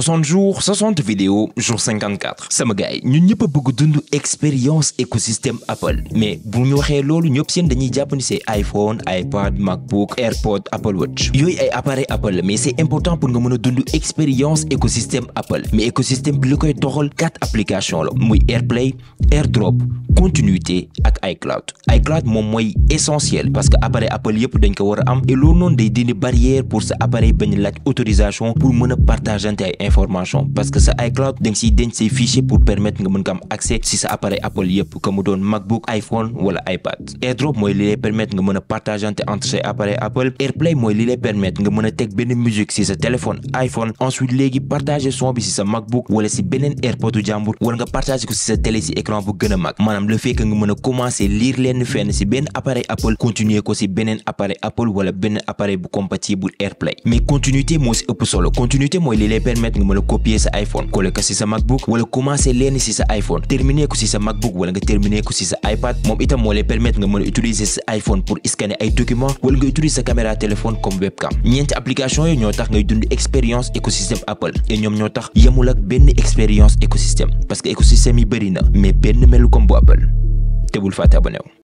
60 jours 60 vidéos jour 54 sama gars Nous ñun ñëpp beaucoup écosystème Apple mais si nous avez loolu ñëpp c'est iPhone iPad MacBook AirPod Apple Watch yooyu ay appareil Apple mais c'est important pour nous nous a expérience écosystème Apple mais écosystème bloque le applications AirPlay AirDrop continuité avec iCloud iCloud un moyen essentiel parce que appareil Apple y dañ ko wara am et lo non day barrière pour sa appareil bañ l'autorisation autorisation pour meuna partager information parce que sa iCloud da ci fichiers pour permettre nga mën kam accès si sa appareil Apple pour comme don MacBook iPhone ou iPad AirDrop moy li lay permettre nga meuna entre ses appareils Apple AirPlay moy li lay permettre nga meuna musique si sa téléphone iPhone ensuite légui partager son bi si sa MacBook wala si AirPod du Jambour wala nga partager ko si sa télé si écran bu gëna le fait que nous mën à à lire les fenn un appareil Apple continuer ko bien appareil Apple ou ben appareil compatible AirPlay mais continuité moi si ëpp solo continuité mooy li lay permettre de copier sa iPhone coller ko si sa MacBook wala commencer à lire sa iPhone terminer ko ce MacBook ou nga terminer ko iPad moom itam permettre nga utiliser sa iPhone pour scanner des documents ou nga utiliser sa caméra téléphone comme webcam ñeenti application il application a ngay dund expérience écosystème Apple et nous une expérience écosystème parce que l'écosystème est bien, mais bien comme te bul fàtte abonné wu